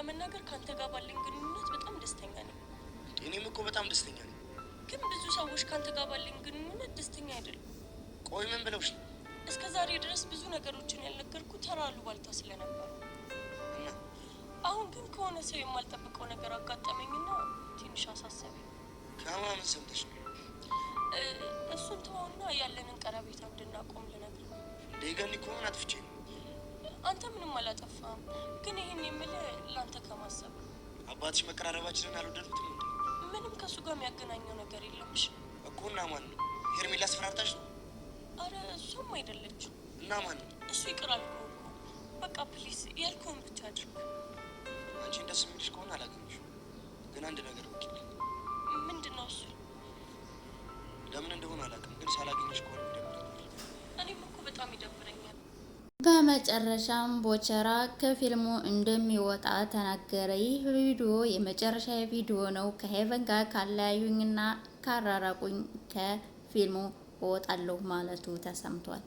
ለመናገር ከአንተ ጋር ባለኝ ግንኙነት በጣም ደስተኛ ነኝ። እኔም እኮ በጣም ደስተኛ ነኝ፣ ግን ብዙ ሰዎች ከአንተ ጋር ባለኝ ግንኙነት ደስተኛ አይደሉም። ቆይ ምን ብለውሽ ነው? እስከ ዛሬ ድረስ ብዙ ነገሮችን ያልነገርኩ ተራሉ ባልታ ስለነበሩ አሁን ግን ከሆነ ሰው የማልጠብቀው ነገር አጋጠመኝና ትንሽ አሳሰበኝ። ከማን ሰምተሽ ነው? እሱን ተወውና ያለንን ቀረቤታ እንድናቆም ልነግር እንደገና እኮ ምን አጥፍቼ ነው አንተ ምንም አላጠፋም፣ ግን ይህን የምልህ ለአንተ ከማሰብ አባትሽ መቀራረባችንን አልወደዱትም። ምንም ከእሱ ጋር የሚያገናኘው ነገር የለምሽ እኮ። እና ማን ነው? ሄርሜላ አስፈራርታሽ ነው? አረ እሱም አይደለች። እና ማን ነው? እሱ ይቅር አልኩህ በቃ ፕሊስ፣ ያልኩህን ብቻ አድርግ። አንቺ እንደሱ የሚልሽ ከሆነ አላገኘሽም፣ ግን አንድ ነገር ወኪልኝ። ምንድን ነው እሱ? ለምን እንደሆነ አላውቅም፣ ግን ሳላገኝሽ ከሆነ ይደብረኛል። እኔም እኮ በጣም ይደብረኛል። በመጨረሻም ቦቸራ ከፊልሙ እንደሚወጣ ተናገረ። ይህ ቪዲዮ የመጨረሻ ቪዲዮ ነው። ከሄቨን ጋር ካለያዩኝና ካራራቁኝ ከፊልሙ እወጣለሁ ማለቱ ተሰምቷል።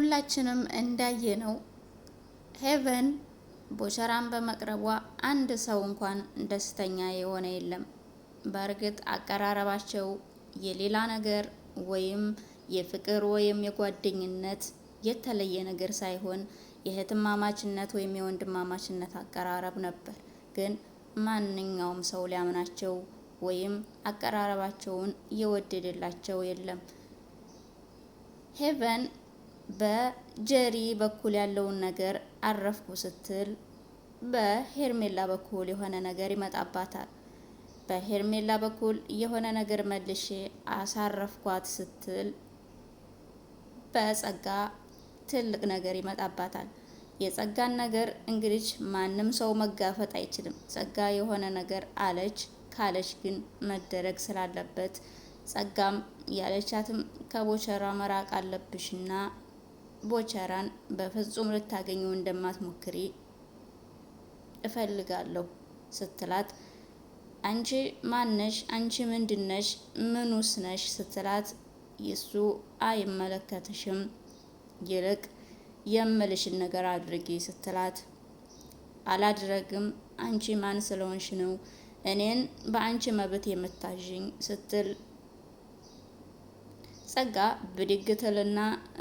ሁላችንም ነው ሄቨን ቦቸራን በመቅረቧ አንድ ሰው እንኳን ደስተኛ የሆነ የለም። በእርግጥ አቀራረባቸው የሌላ ነገር ወይም የፍቅር ወይም የጓደኝነት የተለየ ነገር ሳይሆን የእህትማማችነት ወይም የወንድማማችነት አቀራረብ ነበር። ግን ማንኛውም ሰው ሊያምናቸው ወይም አቀራረባቸውን እየወደደላቸው የለም። ሄቨን በጀሪ በኩል ያለውን ነገር አረፍኩ ስትል በሄርሜላ በኩል የሆነ ነገር ይመጣባታል። በሄርሜላ በኩል የሆነ ነገር መልሼ አሳረፍኳት ስትል በጸጋ ትልቅ ነገር ይመጣባታል። የጸጋን ነገር እንግዲህ ማንም ሰው መጋፈጥ አይችልም። ጸጋ የሆነ ነገር አለች ካለች ግን መደረግ ስላለበት ጸጋም ያለቻትም ከቦቸራ መራቅ አለብሽና ቦቸራን በፍጹም ልታገኘው እንደማትሞክሪ እፈልጋለሁ ስትላት አንቺ ማነሽ? አንቺ ምንድነሽ? ምኑስ ነሽ? ስትላት የሱ አይመለከትሽም፣ ይልቅ የምልሽን ነገር አድርጊ ስትላት አላድረግም አንቺ ማን ስለሆንሽ ነው እኔን በአንቺ መብት የምታዥኝ ስትል ጸጋ ብድግትልና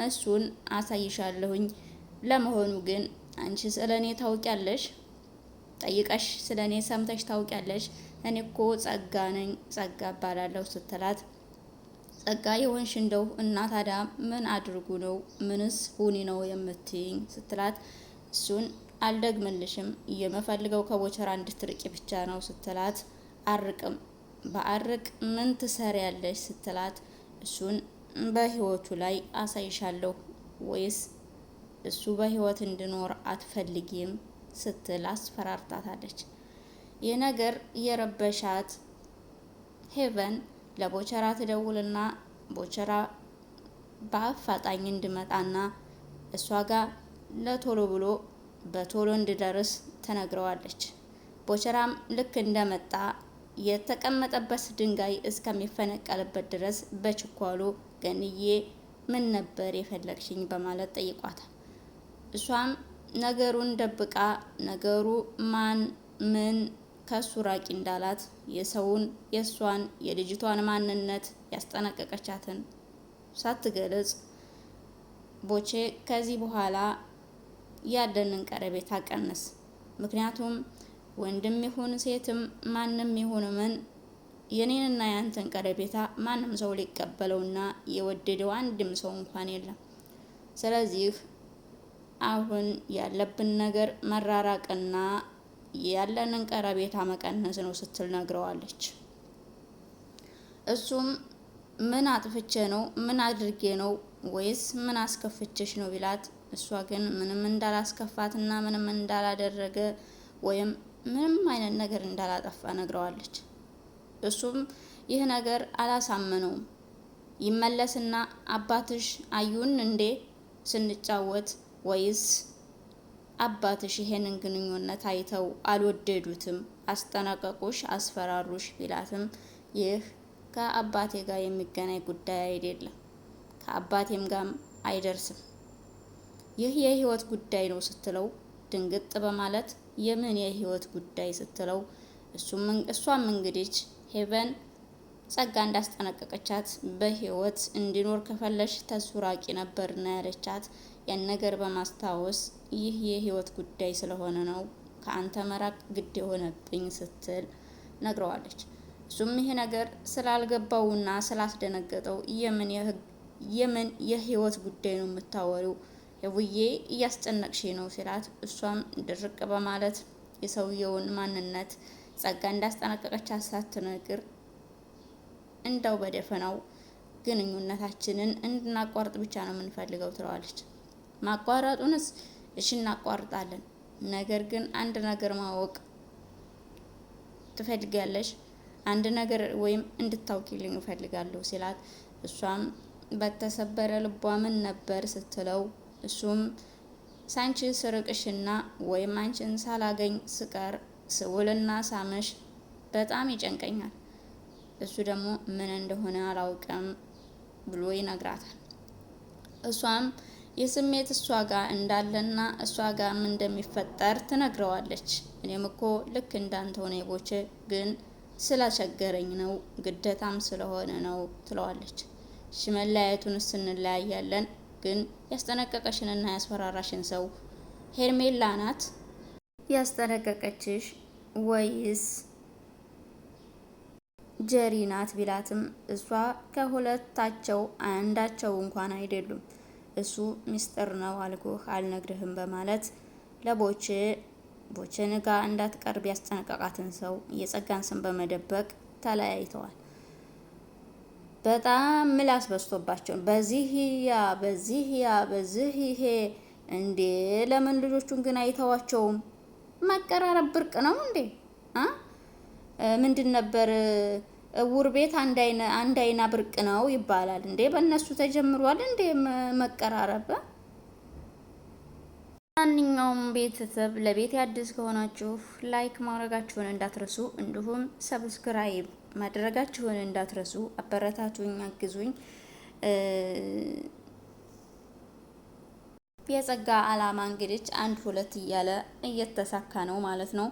እሱን አሳይሻለሁኝ። ለመሆኑ ግን አንቺ ስለኔ ታውቂያለሽ? ጠይቀሽ ስለኔ ሰምተሽ ታውቂያለሽ? እኔ እኮ ጸጋ ነኝ፣ ጸጋ እባላለሁ ስትላት ጸጋ የሆንሽ እንደው እና ታዲያ ምን አድርጉ ነው ምንስ ሁኒ ነው የምትይኝ? ስትላት እሱን አልደግምልሽም የምፈልገው ከቦቸራ እንድትርቂ ብቻ ነው ስትላት አርቅም በአርቅ ምን ያለሽ ስትላት እሱን በህይወቱ ላይ አሳይሻለሁ ወይስ እሱ በህይወት እንድኖር አትፈልጊም? ስትል አስፈራርታታለች። ይህ ነገር የረበሻት ሄቨን ለቦቸራ ትደውልና ቦቸራ በአፋጣኝ እንድመጣና እሷ ጋር ለቶሎ ብሎ በቶሎ እንድደርስ ተነግረዋለች። ቦቸራም ልክ እንደመጣ የተቀመጠበት ድንጋይ እስከሚፈነቀልበት ድረስ በችኳሉ ገንዬ ምን ነበር የፈለግሽኝ በማለት ጠይቋታል። እሷም ነገሩን ደብቃ ነገሩ ማን ምን ከሱ ራቂ እንዳላት የሰውን የእሷን የልጅቷን ማንነት ያስጠነቀቀቻትን ሳትገለጽ ቦቼ ከዚህ በኋላ ያለንን ቀረቤታ ቀንስ። ምክንያቱም ወንድም ይሁን ሴትም ማንም ይሁን ምን የኔንና ያንተን ቀረቤታ ማንም ሰው ሊቀበለውና የወደደው አንድም ሰው እንኳን የለም። ስለዚህ አሁን ያለብን ነገር መራራቅና ያለንን ቀረቤታ መቀነስ ነው ስትል ነግረዋለች። እሱም ምን አጥፍቼ ነው? ምን አድርጌ ነው? ወይስ ምን አስከፍቼሽ ነው ቢላት እሷ ግን ምንም እንዳላስከፋትና ምንም እንዳላደረገ ወይም ምንም አይነት ነገር እንዳላጠፋ ነግረዋለች። እሱም ይህ ነገር አላሳመነውም። ይመለስና አባትሽ አዩን እንዴ ስንጫወት ወይስ አባትሽ ይሄንን ግንኙነት አይተው አልወደዱትም፣ አስጠነቀቁሽ፣ አስፈራሩሽ ቢላትም ይህ ከአባቴ ጋር የሚገናኝ ጉዳይ አይደለም፣ ከአባቴም ጋር አይደርስም፣ ይህ የህይወት ጉዳይ ነው ስትለው ድንግጥ በማለት የምን የህይወት ጉዳይ ስትለው እሷም እንግዲህ ሄቨን ጸጋ እንዳስጠነቀቀቻት በህይወት እንዲኖር ከፈለሽ ተሱራቂ ነበርና ያለቻት ያን ነገር በማስታወስ ይህ የህይወት ጉዳይ ስለሆነ ነው ከአንተ መራቅ ግድ የሆነብኝ ስትል ነግረዋለች። እሱም ይሄ ነገር ስላልገባውና ስላስደነገጠው የምን የህይወት ጉዳይ ነው የምታወሪው? የቡዬ እያስጨነቅሽ ነው ሲላት፣ እሷም ድርቅ በማለት የሰውየውን ማንነት ጸጋ እንዳስጠነቀቀች ሳትነግር እንደው በደፈናው ግንኙነታችንን እንድናቋርጥ ብቻ ነው የምንፈልገው ትለዋለች። ማቋረጡንስ እሺ እናቋርጣለን። ነገር ግን አንድ ነገር ማወቅ ትፈልጋለሽ? አንድ ነገር ወይም እንድታውቂልኝ እፈልጋለሁ ሲላት እሷም በተሰበረ ልቧ ምን ነበር ስትለው እሱም ሳንቺ ስርቅሽና ወይም አንቺን ሳላገኝ ስቀር ስውልና ሳመሽ በጣም ይጨንቀኛል። እሱ ደግሞ ምን እንደሆነ አላውቅም ብሎ ይነግራታል። እሷም የስሜት እሷ ጋር እንዳለና እሷ ጋር ምን እንደሚፈጠር ትነግረዋለች። እኔም እኮ ልክ እንዳንተ ሆነ የቦቼ ግን ስላቸገረኝ ነው ግደታም ስለሆነ ነው ትለዋለች። እሺ መለያየቱን ስንለያያለን፣ ግን ያስጠነቀቀሽንና ያስፈራራሽን ሰው ሄርሜላ ናት ያስጠነቀቀችሽ ወይስ ጀሪ ናት ቢላትም እሷ ከሁለታቸው አንዳቸው እንኳን አይደሉም። እሱ ሚስጥር ነው አልኩህ አልነግርህም በማለት ለቦቼ ቦቼ ጋር እንዳትቀርብ ያስጠነቀቃትን ሰው የጸጋን ስም በመደበቅ ተለያይተዋል። በጣም ምላስ በዝቶባቸው በዚህ ያ በዚህ ያ በዚህ ይሄ እንዴ! ለምን ልጆቹን ግን አይተዋቸውም? መቀራረብ ብርቅ ነው እንዴ? ምንድን ነበር እውር ቤት አንድ አይና ብርቅ ነው ይባላል እንዴ? በእነሱ ተጀምሯል እንዴ መቀራረብ? ማንኛውም ቤተሰብ ለቤት አዲስ ከሆናችሁ ላይክ ማድረጋችሁን እንዳትረሱ፣ እንዲሁም ሰብስክራይብ ማድረጋችሁን እንዳትረሱ። አበረታቱኝ፣ አግዙኝ። የጸጋ አላማ እንግዲህ አንድ ሁለት እያለ እየተሳካ ነው ማለት ነው።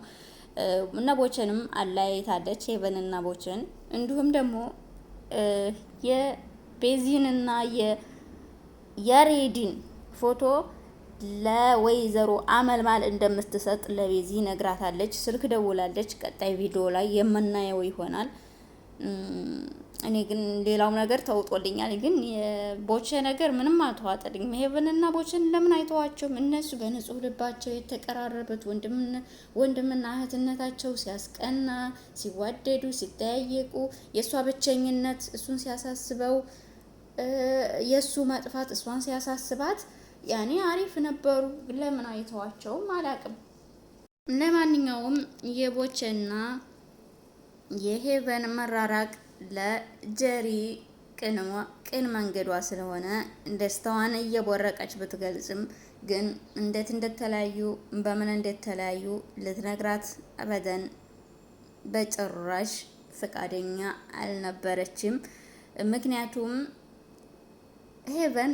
እና ቦችንም አለያይታለች ሄቨንና ቦችን እንዲሁም ደግሞ የቤዚንና የያሬድን ፎቶ ለወይዘሮ አመልማል እንደምትሰጥ ለቤዚ ነግራታለች። ስልክ ደውላለች። ቀጣይ ቪዲዮ ላይ የምናየው ይሆናል። እኔ ግን ሌላው ነገር ተውጦልኛል። ግን የቦቼ ነገር ምንም አልተዋጠልኝም። ሄቨንና ቦቼን ለምን አይተዋቸውም? እነሱ በንጹህ ልባቸው የተቀራረበት ወንድምና እህትነታቸው ሲያስቀና፣ ሲዋደዱ፣ ሲጠያየቁ የእሷ ብቸኝነት እሱን ሲያሳስበው፣ የእሱ መጥፋት እሷን ሲያሳስባት ያኔ አሪፍ ነበሩ። ለምን አይተዋቸውም? አላቅም። ለማንኛውም የቦቼና የሄቨን መራራቅ ለጀሪ ቅን መንገዷ ስለሆነ ደስታዋን እየቦረቀች ብትገልጽም ግን እንዴት እንደተለያዩ በምን እንደተለያዩ ልትነግራት አበደን በጭራሽ ፈቃደኛ አልነበረችም። ምክንያቱም ሄቨን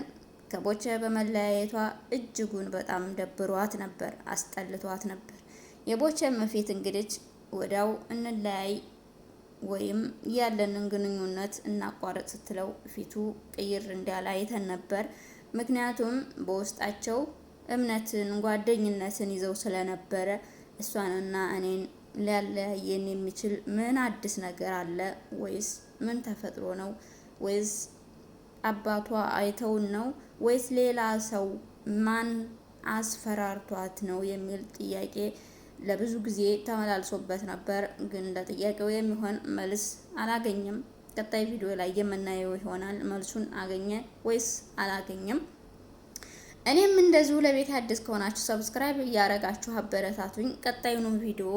ከቦቼ በመለያየቷ እጅጉን በጣም ደብሯት ነበር፣ አስጠልቷት ነበር። የቦቼ መፊት እንግዲህ ወዳው እንለያይ ወይም ያለንን ግንኙነት እናቋረጥ ስትለው ፊቱ ቅይር እንዳለ አይተን ነበር። ምክንያቱም በውስጣቸው እምነትን፣ ጓደኝነትን ይዘው ስለነበረ እሷንና እኔን ሊያለያየን የሚችል ምን አዲስ ነገር አለ? ወይስ ምን ተፈጥሮ ነው? ወይስ አባቷ አይተውን ነው? ወይስ ሌላ ሰው ማን አስፈራርቷት ነው የሚል ጥያቄ ለብዙ ጊዜ ተመላልሶበት ነበር፣ ግን ለጥያቄው የሚሆን መልስ አላገኘም። ቀጣይ ቪዲዮ ላይ የምናየው ይሆናል። መልሱን አገኘ ወይስ አላገኘም? እኔም እንደዚሁ ለቤት አዲስ ከሆናችሁ ሰብስክራይብ እያረጋችሁ አበረታቱኝ። ቀጣዩንም ቪዲዮ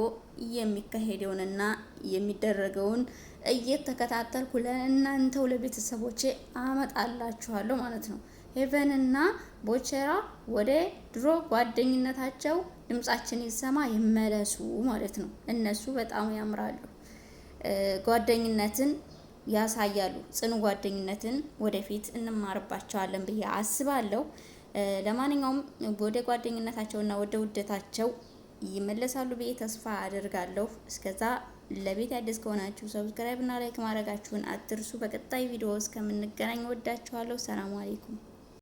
የሚካሄደውንና የሚደረገውን እየተከታተልኩ ለእናንተው ለቤተሰቦቼ አመጣላችኋለሁ ማለት ነው። ሄቨንና ቦቸራ ወደ ድሮ ጓደኝነታቸው ድምጻችን ይሰማ ይመለሱ ማለት ነው። እነሱ በጣም ያምራሉ። ጓደኝነትን ያሳያሉ። ጽኑ ጓደኝነትን ወደፊት እንማርባቸዋለን ብዬ አስባለሁ። ለማንኛውም ወደ ጓደኝነታቸውና ወደ ውደታቸው ይመለሳሉ ብዬ ተስፋ አድርጋለሁ። እስከዛ ለቤት አዲስ ከሆናችሁ ሰብስክራይብ እና ላይክ ማድረጋችሁን አትርሱ። በቀጣይ ቪዲዮ እስከምንገናኝ ወዳችኋለሁ። ሰላም አለይኩም።